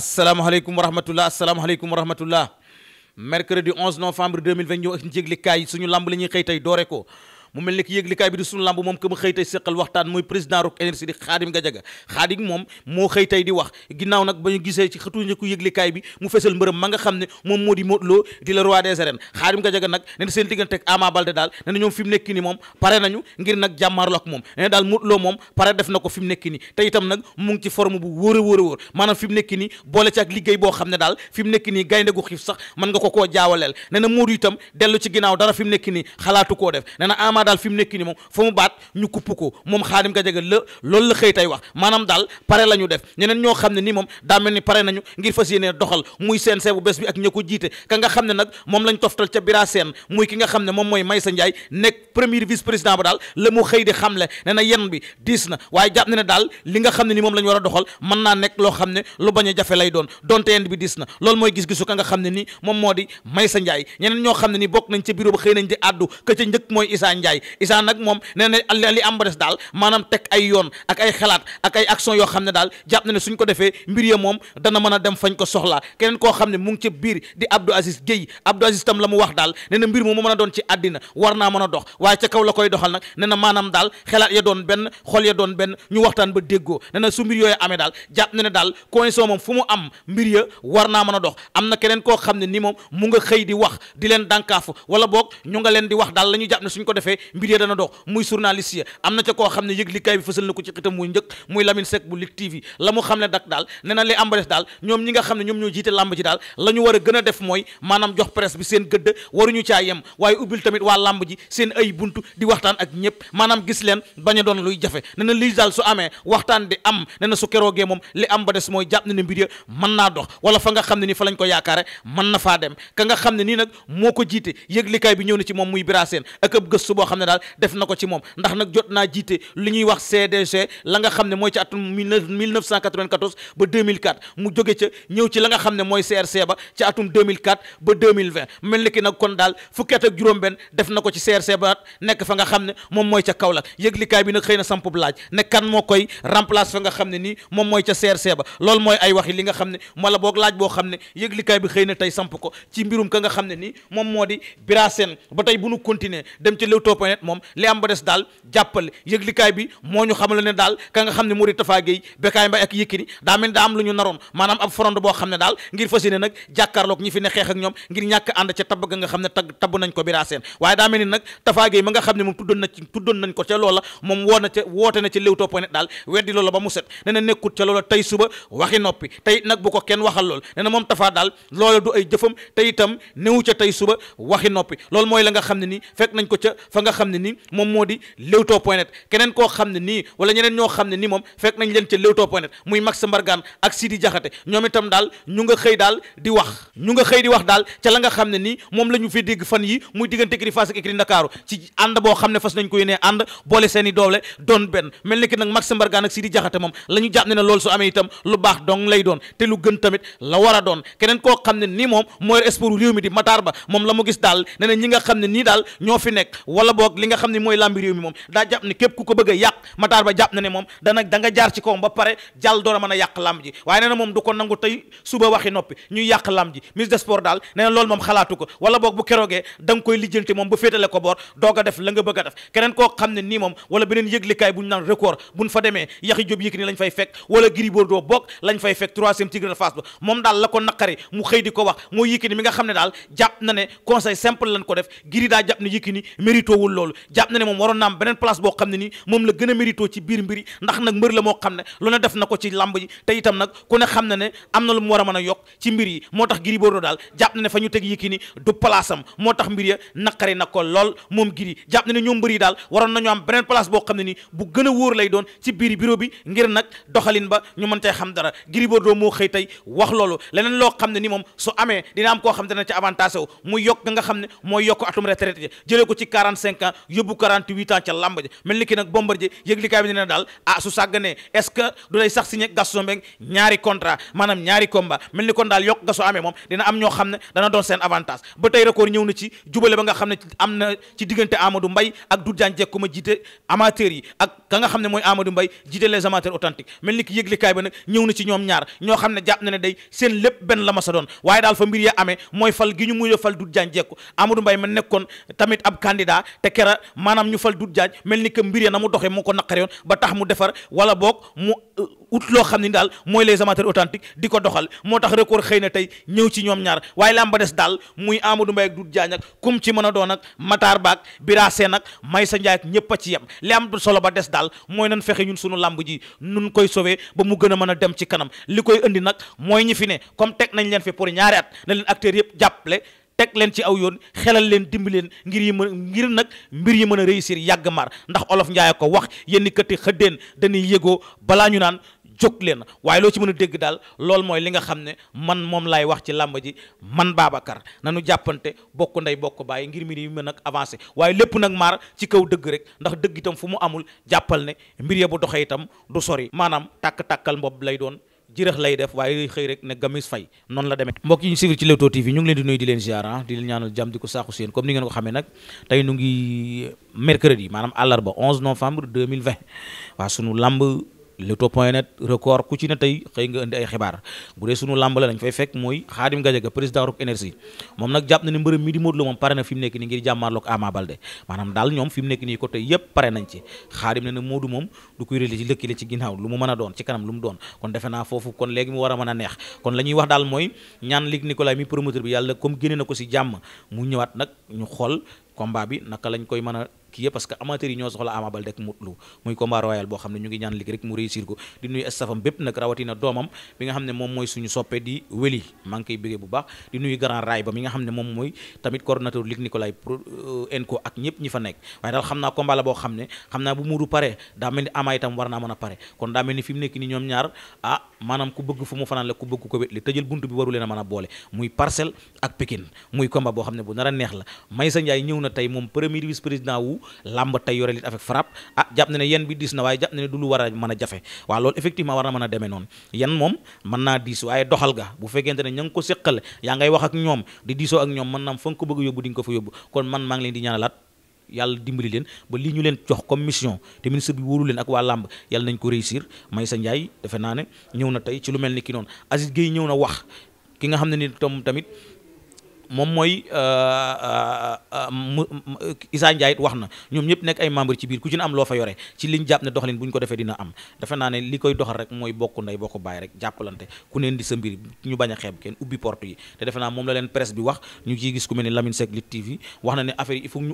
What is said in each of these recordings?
asalaamaaleykum wa rahmatullah asalaamaaleykum wa rahmatullah mercredi 11 novembre 2020 ñëw ak njégli kaay suñu lamb la ñuy xëy tey doore ko mu mel ni ki yëglikaay bi di sunu lamb moom que ma xëy tey séqal waxtaan muy président Rock Énergie di Xaadim Gajaga Xaadim moom moo xëy di wax ginnaaw nag ba ñu gisee ci xëtu ñëkku yëglikaay bi mu fesal mbërëm ma nga xam ne moom moo di Modou Lo di le roi des arènes Xaadim Gajaga nag ne na seen diggante ak Ama Baldé daal ne na ñoom fi mu nekk ni moom pare nañu ngir nag jàmmaarloo ak moom ne na daal Modou Lo moom pare def na ko fi mu ni te a liggéey boo xam ne daal fi mu nekk nii gaynde gu xiif sax mën koo jaawaleel ne na Modou itam dellu ginnaaw dara fi mu nekk ni xalaatu koo def vraiment daal fi mu nii moom fa mu baat ñu kupp ko moom Khadim Gadiaga la loolu la xëy tey wax maanaam daal pare la def ñeneen ñoo xam ne nii moom daa war a doxal mën naa nekk loo xam ne lu bañ jafe lay doon donte yen bi diis na loolu mooy gis-gisu ka nga xam ne nii moom moo di Maysa Ndiaye ñeneen ñoo xam ne ni bokk nañ ca bureau xëy nañ di àddu ka ca njëkk mooy Issa Ndiaye Ndiaye Issa nag moom nee na li am ba des daal maanaam teg ay yoon ak ay xalaat ak ay action yoo xam ne daal jàpp na ne suñ ko defee mbir ya moom dana mën a dem fañ ko soxlaa keneen koo xam ne mu ngi ca biir di Abdou Aziz Guèye Abdou Aziz tam la mu wax daal nee na mbir moomu mën a doon ci àddina war naa mën a dox waaye ca kaw la koy doxal nag na maanaam daal xalaat ya doon benn xol ya doon benn ñu waxtaan ba déggoo nee na su mbir yooyu daal jàpp na ne daal coalition moom fu mu am mbir ya war naa mën a dox am na keneen koo xam ne ni moom mu nga xëy di wax di leen dànkaafu wala boog ñu nga leen di wax daal la ñu jàpp ne suñ ko defee mbir ya dana dox muy journaliste ya am na ca koo xam ne yëg likaay bi fësal na ko ci xitam muy njëkk muy Lamine Seck bu Ligue TV la mu xam ne dak daal ne na li ambades daal ñoom ñi nga xam ne ñoom ñoo jiite làmb ji daal la ñu war a a def mooy maanaam jox presse bi seen gëdd waruñu caa yem waaye ubbil tamit waa làmb ji seen ay buntu di waxtaan ak ñëpp maanaam gis leen bañ a doon luy jafe ne na lii daal su amee waxtaan di am ne su keroogee moom li xam ne daal def na ko ci moom ndax nag jot naa jiite li ñuy wax CDG la nga ne mooy ci atum 1994 ba 2004 mu jóge ca ñëw ci la nga xam ne mooy CRC atum ba mel ni nag kon daal fukki at ak juróom-benn def na ko ci CRC ba nekk fa nga xam ne moom mooy ca Kaolack yëglikaay bi nag xëy na samp laaj ne kan moo koy remplacer fa nga xam ne nii moom mooy ca CRC ba loolu mooy ay waxi li nga xam ne mala boog laaj boo xam ne yëglikaay bi xëy na tey samp ko ci mbirum ka nga xam ne nii moom moo di Bira point net moom li am ba des daal jàppale yëglikaay bi moo ñu xamale ne daal ka nga xam ne moo di Tafa Gueye Bécaye Mbaye ak Yékini daa mel daa am lu ñu naroon maanaam ab front boo xam ne daal ngir fas nag jàkkaarloog ñi fi ne xeex ñoom ngir ñàkk ànd ca tabb ga nga xam ne tag nañ ko biraa seen waaye daa mel ni nag Tafa Gueye ma nga xam ne moom tuddoon nañ ko ca loola moom woo ca woote na ca Leewtoo point daal weddi loola ba mu set ne nekkut ca nga xam ne nii moom moo di Leewtoo keneen koo xam ne nii wala ñeneen ñoo xam ne nii moom fekk nañ leen ca Leewtoo muy Max Mbargane ak Sidi Diakhaté ñoom itam daal ñu nga xëy daal di wax ñu nga xëy di wax daal ca la nga xam ne nii moom la ñu fi dégg fan yi muy diggante écurie Fass a doon réew mi di Matar Ba moom la mu gis daal ne ñi nga xam ne nii daal ñoo fi nekk wala wala boog li nga xam ne mooy làmbi réew moom daa jàpp képp ku ko bëgg a yàq Matar Ba jàpp ne moom dana da jaar ci kawam ba pare jàll door a mën a yàq làmb waaye nee moom du ko nangu tey suba waxi noppi ñuy yàq làmb ji ministre des daal nee na moom xalaatu ko wala boog bu keroogee da koy lijjanti moom ba féetale ko boor def la nga bëgg def keneen koo xam ne nii moom wala beneen yëglikaay bu ñu naan record buñ fa demee yaxi job jàppewul loolu jàpp na ne moom waroon na am beneen place boo xam a mérito ci biir mbiri na ko ci am a a yokk beneen place boo xam ne nii bu gën a wóor lay doon ci biir bureau bi ngir nag doxalin ba ñu mën cay xam dara Gris Bordeaux moo xëy tey wax loolu leneen loo xam ne ni moom su amee dina am koo xam ne dana ci avantage wu mu yokk nga xam ne mooy yokk atum retraite jëlee ko ci 45 cinq ans yóbbu quarante-huit ans ca làmb ja mel ni ki nag Bombardier yëglikaay bi ne na daal ah su sàgganee est-ce que du lay sax ñaari contrat maanaam ñaari combat mel ni kon daal yokk ga amee moom dina am ñoo xam ne dana doon seen avantage ba tey record ñëw na ci ñoom ñaar ñoo xam ne jàpp na day seen lépp benn la ma waaye daal fa mbir ya mooy fal gi ñu mujj fal Doudou Diagne Diecko Amadou Mbaye ma nekkoon tamit ab candidat te kera maanaam ñu fal dut jaaj mel ni que mbir ya na mu doxee moo ko naqare yoon ba tax mu defar wala boog mu euh, ut loo xam ne daal mooy les amateurs authentiques di ko doxal moo tax record xëy na tey ñëw ci ñoom ñaar waaye la am ba des daal muy Amadou Mbaye ak dut jaaj kum ci mën a doon ak Matar Ba ak Bira may sa Maysa ak ñëpp a ci yem li am solo ba des daal mooy nan fexe ñun sunu làmb ji nun koy sauver ba mu gën a mën a dem ci kanam li koy indi nag mooy ñi fi ne comme teg nañ leen fi pour ñaari at na leen yëpp jàppale teg leen ci aw yoon xelal leen dimbali leen ngir yi mën ngir nag mbir yi mën a réussir yàgg maar ndax olof njaay ko wax yenn këti xëddeen dañuy yëgoo balaa ñu naan jóg leen waaye loo ci mën a dégg daal loolu mooy li nga xam ne man moom laay wax ci làmb ji man na nu jàppante bokk ndey bokk bàyyi ngir mbir yi mën a avancé waaye lépp nag maar ci kaw dëgg rek ndax dëgg itam fu mu amul jàppal ne mbir ya bu doxee itam du sori maanaam tàkk-tàkkal mbob lay doon jërëx lay def waaye xëy rek ne gamis fay noonu la demee mbokk yi ñu ci Leewtoo TV ñu ngi leen di nuyu di leen ziar di leen ñaanal jàmm di ko saaxu seen comme ni ngeen ko xamee nag tey nu ngi euh, mercredi maanaam àllarba 11 novembre 2020 waa sunu lamb Leewtoo point record ku ci ne tey xëy nga indi ay xibaar bu dee sunu làmb la dañ fay fekk mooy Xaadim Gadiaga président Rock Énergie moom nag jàpp na ni mbërëm mi di Modou Lo moom pare na fi nekk nii ngir jàmmaarloog Ama Baldé maanaam daal ñoom fi nekk nii ko tey yépp pare nañ ci Xaadim ne na Modou moom du koy réli ci lëkkile ci ginnaaw lu mu mën a doon ci kanam lu doon kon defe naa foofu kon léegi mu war mën a neex kon la wax daal mooy ñaan Luc a kii yëpp yi ñoo soxla Ama Baldé ak Modou muy combat royal boo xam ne ñu ngi ñaan liggéey rek mu réussir ko di nuyu staffam bépp nag rawatina doomam bi nga xam ne moom mooy suñu soppe di wéli maa koy bëggee bu baax di nuyu grand raay ba mi nga xam ne moom mooy tamit coordonnateur Luc Nicolaï pro euh, ak ñëpp ñi fa nekk waaye daal xam naa combat la boo xam ne xam naa bu Modou pare daa mel ni Ama itam war naa mën a pare kon daa mel ni fi mu làmb tey yore lit avec frappe ah jàpp na ne bi diis na waaye jàpp na du lu war a mën a jafe waaw loolu effectivement war na mën a demee noonu yen moom mën naa diis waaye doxal ga bu fekkente ne ña ko séqal yaa ngay wax ak ñoom di diisoo ak ñoom mën naam fa nga ko bëgg a yóbbu di nga ko fa yóbbu kon man maa leen di ñaanalaat yàlla dimbali leen ba lii ñu leen jox comme mission te ministre bi wóolu leen ak waa làmb yàlla nañ ko réussir Maysa Ndiaye defe na tey ci lu mel ni ki noonu Aziz Gueye ñëw na moom mooy euh, euh, euh, Issa Ndiaye it wax na ñoom ñëpp nekk ay membre ci biir ku ci ne am loo fa yore ci liñ jàpp ne doxalin bu ñu ko defee dina am defe naa ne li koy doxal rek mooy bokk ndey bokk bàyyi rek jàppalante ku neen di sa mbir ñu bañ a xeeb kenn ubbi porte yi te defe naa moom la leen presse bi wax ñu ciy gis ku mel ni Lamine Seck Lit TV wax na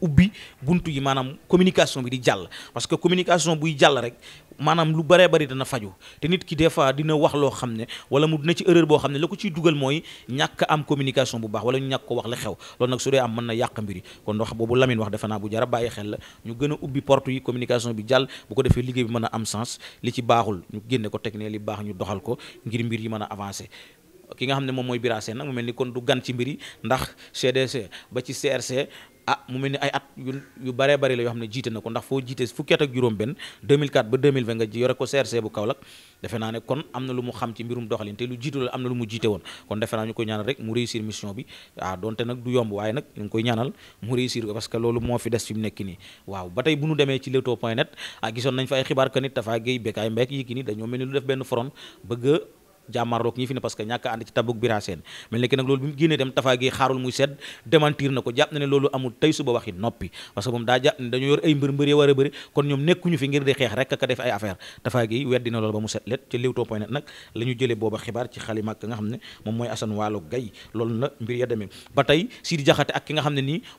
ubbi buntu yi maanaam communication bi di jàll parce que communication buy jàll rek maanaam lu bëree bëri dana faju te nit ki des fois dina wax loo xam ne wala mu dina ci erreur boo xam ne la ko ciy dugal mooy ñàkk am communication bu baax wala ñu ko wax la xew loolu nag su dee am mën na yàq mbir yi kon wax boobu Lamine wax defe naa bu jara bàyyi xel la ñu gën ubbi porte yi communication bi jàll bu ko defee liggéey bi mën a am sens li ci baaxul ñu génne ko teg li baax ñu doxal ko ngir mbir yi mën a avancer ki nga xam ne moom mooy Bira nag mu mel ni kon du gan ci mbir yi ndax CDC ba ci CRC ah mu mel ni ay at yu yu bëree bëri la yoo xam ne jiite na ko ndax foo jiite fukki at ak juróom-benn 2004 ba 2020 nga yore ko CRC bu Kaolack defe naa ne kon am na lu mu xam ci mbirum doxalin te lu jiitu la am na lu mu jiite woon kon defe naa ñu koy ñaanal rek mu réussir mission bi waaw ah, donte nag du yomb waaye nag ñu ngi koy ñaanal mu réussir ko parce que loolu moo fi des fi mu nekk nii waaw ba tey bu ñu demee ci leewtoo point net a ah, gisoon nañ fa ay xibaar que ni dañoo mel ni lu def jàmmarloog ñi fi ne parce que ñàkk ànd ci tabuk bira mel ni ki nag loolu bi mu génnee dem tafaa gi xaarul muy sedd démentir na ko jàpp na ne loolu amul tey suba waxi noppi parce moom daa jàpp ne dañoo yor booba xibaar ci xali màkk nga xam ne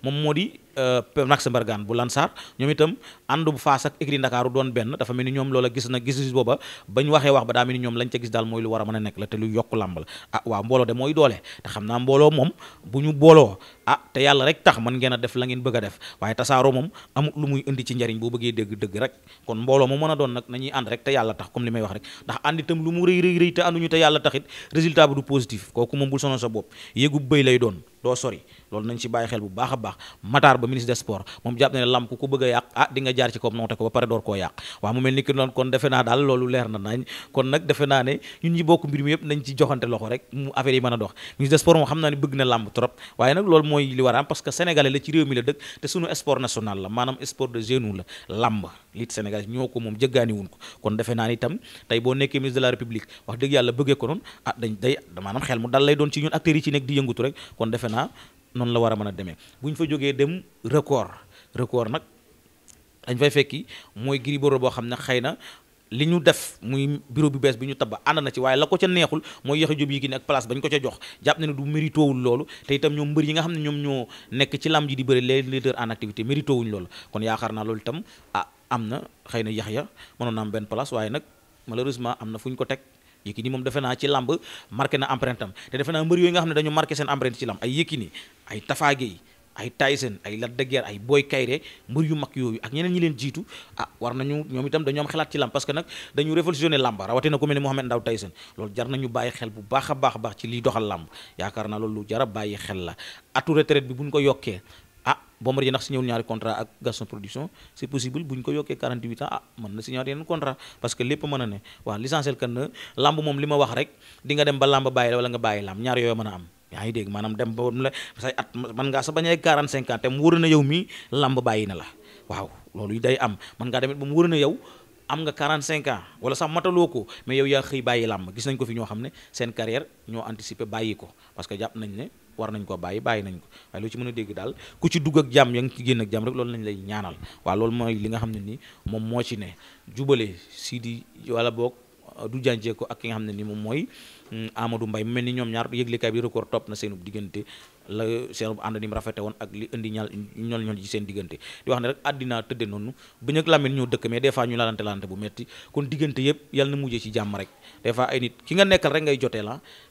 moom moo di euh, Max bu Lansar ñoom itam ànd bu faas ak écrit Ndakaaru doon benn dafa mel ni ñoom loola gis na gis booba bañ waxee wax ba daa mel ni ñoom lañ ca gis daal mooy lu war mën a nekk la te lu yokk làmb la ah waaw mbooloo de mooy doole te xam naa mbooloo moom bu ñu booloo ah te yàlla rek tax mën ngeen def la ngeen bëgg a def waaye tasaaroo moom amul lu muy indi ci njariñ boo bëggee dégg dëgg rek kon mbooloo mu mën a doon nag nañuy ànd rek te yàlla tax comme li may wax rek ndax ànd lu mu rëy rëy rëy te ànduñu te yàlla taxit résultat bi du positif kooku moom bul sonal sa bopp yéegu bëy lay doon doo sori loolu nañ ci bàyyi xel bu baax a baax Matar ba ministre des sports moom jàpp na ne lamp ku bëgg a yàq ah jaar ci koom noote ko ba pare door koo yàq waaw mu mel ni ko moom kon defe naa itam tey boo nekkee ministre de la république wax dëgg yàlla bëggee ko noonu ah dañ day maanaam xel mu dal lay doon ci ñun acteurs yi ci nekk di yëngutu rek kon defe naa naa noonu la war a mën a demee bu ñu fa jógee dem record record nag dañ fay fekki mooy Gris Bordeaux boo xam ne xëy na li ñu def muy bureau bu bees bi ñu tab ànd na ci waaye la ko ca neexul mooy yoxe job yi gi ne ak place bañ ko ca jox jàpp na ne du méritoowul loolu te itam ñoom mbër yi nga xam ne ñoom ñoo nekk ci lam ji di bëri les leaders en activité méritoowuñ loolu kon yaakaar naa loolu itam ah am na xëy na yax ya mënoon benn place waaye nag malheureusement am ko teg Yékini moom defe naa ci lamb marqué na empreinte am te defe naa mbër yooyu nga xam ne dañu marqué seen empreinte ci lamb ay Yékini ay Tapha Gueye ay Tyson ay Lac de ay Boy Kayré mbër yu mag yooyu ak ñeneen ñi leen jiitu ah war nañu ñoom itam dañu am xalaat ci lamb parce que nag dañu révolutionné lamb rawate na ku mel ni Mohamed Ndao Tyson loolu jar nañu bàyyi xel bu baax a baax a baax ci liy doxal lamb yaakaar naa loolu lu a bàyyi xel la atu retraite bi yokkee ah Bombardier ndax signé wul ñaari contrat ak Gaston Production c'est possible bu ñu ko yokkee 48 ans ah mën na signé yeneen contrat parce que lépp mën a ne waaw l'essentiel que na lamb moom li ma wax rek di nga dem ba lamb bàyyi la nga bàyyi lamb ñaar yooyu mën am yaa ngi dégg maanaam dem ba la say at mën ngaa sa bañ ay 45 ans te mu na la waaw loolu day am mën ngaa demit ba mu wóor na yow am nga 45 ans wala sax mataloo ko mais yow yaa xëy bàyyi làmb gis nañ ko fi ñoo xam ne seen carrière ñoo anticiper bàyyi ko parce que jàpp nañ ne war nañ ko bàyyi bàyyi nañ ko waaye loo ci mën a dégg daal ku ci dugg ak jàmm ya nga ci génn ak jàmm rek loolu lañ lay ñaanal waaw loolu mooy li nga xam ne ni moom moo ci ne jubale di wala boog du jàncee ko ak ki nga xam ne ni moom mooy mm, Amadou Mbaye mu mel ni ñoom ñaar yëglekaay bi record topp na seenub diggante la seenub ànd ni mu rafete woon ak li indi ñal ñol ñol ci seen diggante di wax ne rek àddina noonu bu ñëk Lamine ñoo dëkk mais des fois ñu laalante laalante bu metti kon diggante yëpp yàlla na mujjee ci jàmm rek des fois ay nit ki nga nekkal rek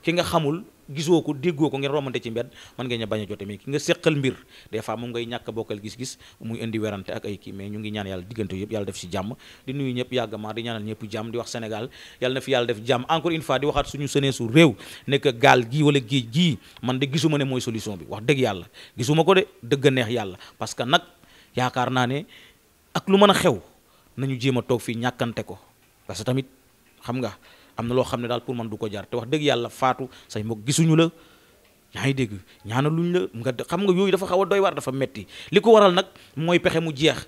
ki nga xamul gisoo ko déggoo ko ngeen romante ci mbedd mën ngeen a bañ a jote mais ki nga séqal mbir des fois moom ngay ñàkk bokkal gis-gis muy indi werante ak ay kii mais ñu ngi ñaan yàlla diggante yëpp yàlla def ci jàmm di nuyu ñëpp yàggament di ñaanal ñëpp jàmm di wax Sénégal yàlla na fi yàlla def jàmm encore une fois di waxaat suñu senee su réew nekk gaal gii wala géej gii man de gisuma ne mooy solution bi wax dëgg yàlla gisuma ko de dëgg neex yàlla parce que nag yaakaar naa ne ak lu mën a xew nañu jéem a fii ñàkkante ko parce que tamit xam nga am na loo xam ne daal pour man du ko jar te wax dëgg yàlla faatu say mbokk gisuñu la yaa ngi dégg ñaana ñu la nga xam nga yooyu dafa xaw a war waar dafa metti li ko waral nag mooy pexe mu jeex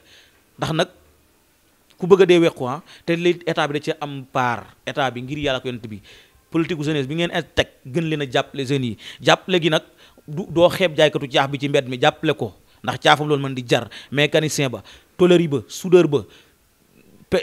ndax nag ku bëgg a dee wequ ah te li état bi da ci am part état bi ngir yàlla ko bi politique jeunesse bi ngeen teg gën leen jàppale jeunes yi jàppale gi nag du doo xeeb jaaykatu caax bi ci mbedd mi jàppale ko ndax caafam loolu mën di jar mécanicien ba tôlerie ba soudeur ba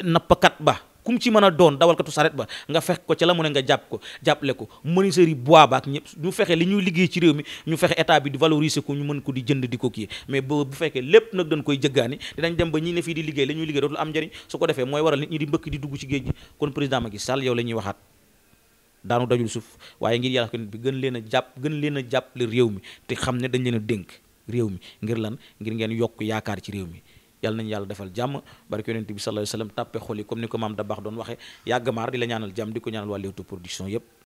nappkat ba kum ci mën a doon dawalkatu saret ba nga fekk ko ca la mu ne nga jàpp ko jàppale ko menuisier yi bois baak ñëpp ñu fexe li ñuy liggéey ci réew mi ñu fexe état bi di valoriser ko ñu mën ko di jënd di ko kii mais ba bu fekkee lépp nag dañ koy jëggaani dinañ dem ba ñi ne fii di liggéey la ñuy liggéey dootul am njëriñ su ko defee mooy waral nit ñi di mbëkk di dugg ci géej gi kon président Macky Sall yow la ñuy waxaat daanu dajul suuf waaye ngir yàlla ko bi gën leen a jàpp gën leen a jàppale réew mi te xam ne dañ leen a dénk réew mi ngir lan ngir ngeen yokk yaakaar ci réew mi yàlla nañu yàlla defal jàmm barke yonent bi sallallahu alayhi wa sallam tàppe xol comme ni ko maam da doon waxe yàgg di la ñaanal jàmm di ko ñaanal waa Leewtoo production yëpp